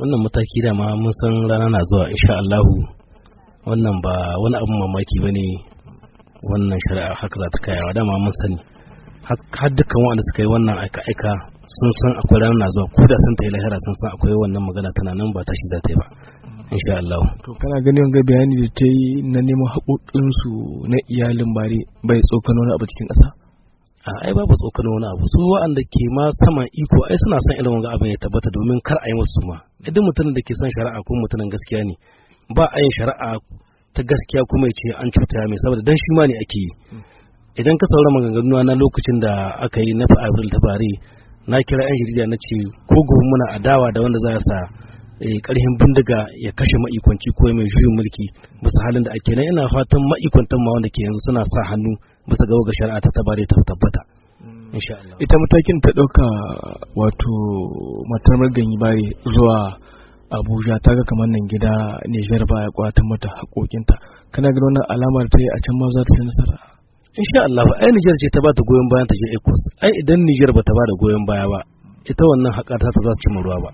wannan mataki da ma mun san rana na zuwa insha Allah wannan ba wani abu mamaki ba ne wannan shari'a haka za ta kayawa dama mun sani har dukkan waɗanda suka yi wannan aika-aika sun san akwai rana na zuwa ko da sun ta yi lahira sun san akwai wannan magana tana nan ba ta shi za ta yi ba insha Allah to kana ganin wanga bayani da ta yi na neman haƙoƙinsu na iyalin bare bai tsokano wani abu cikin ƙasa a ai babu tsokano wani abu su wa'anda ke ma saman iko ai suna son ilimin ga abin ya tabbata domin kar a yi musu ma duk mutumin da ke son shari'a ko mutumin gaskiya ne ba a yin shari'a ta gaskiya kuma ya ce an cuta mai saboda dan shi ma ne ake yi idan ka saura maganganu na lokacin da aka yi na fa'abril ta bare na kira yan jarida na ce ko gobe muna dawa da wanda za sa eh, karhin bindiga ya kashe ma'ikwanci ko mai juyin mulki bisa halin da ake nan ina fatan ma'ikwantan ma wanda ke yanzu suna sa hannu bisa ga ga shari'a ta tabare ta tabbata hmm. ita matakin ta ɗauka wato matar marganyi bare zuwa abuja ta ga kamar nan gida nijar baya kwatan mata hakokinta kana ganin wannan alamar ta yi a can ma za ta yi nasara insha Allah ai Nijar ce ta ba ta goyon bayan ta je Ecos. ai idan Nijar ba ta ba da goyon baya ba ita wannan haƙa ta za su cimma ruwa ba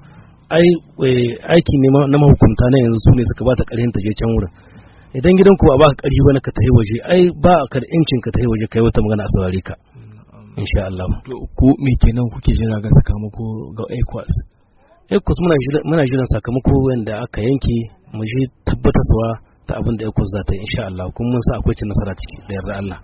ai eh, aiki ne na mahukunta na yanzu su ne suka ba ta ƙarfin ta je can wurin idan gidan ku ba ba ƙarfi bane ka tafi waje ai ba ka da incin ka tafi waje kai wata magana a saurare ka insha Allah to ku me kenan kuke jira ga sakamako ga ECOWAS ECOWAS muna jira muna jiran sakamako wanda aka yanke mu ji tabbatarwa ta abin da ECOWAS za ta yi insha Allah kuma mun sa akwai cin nasara ciki da yarda Allah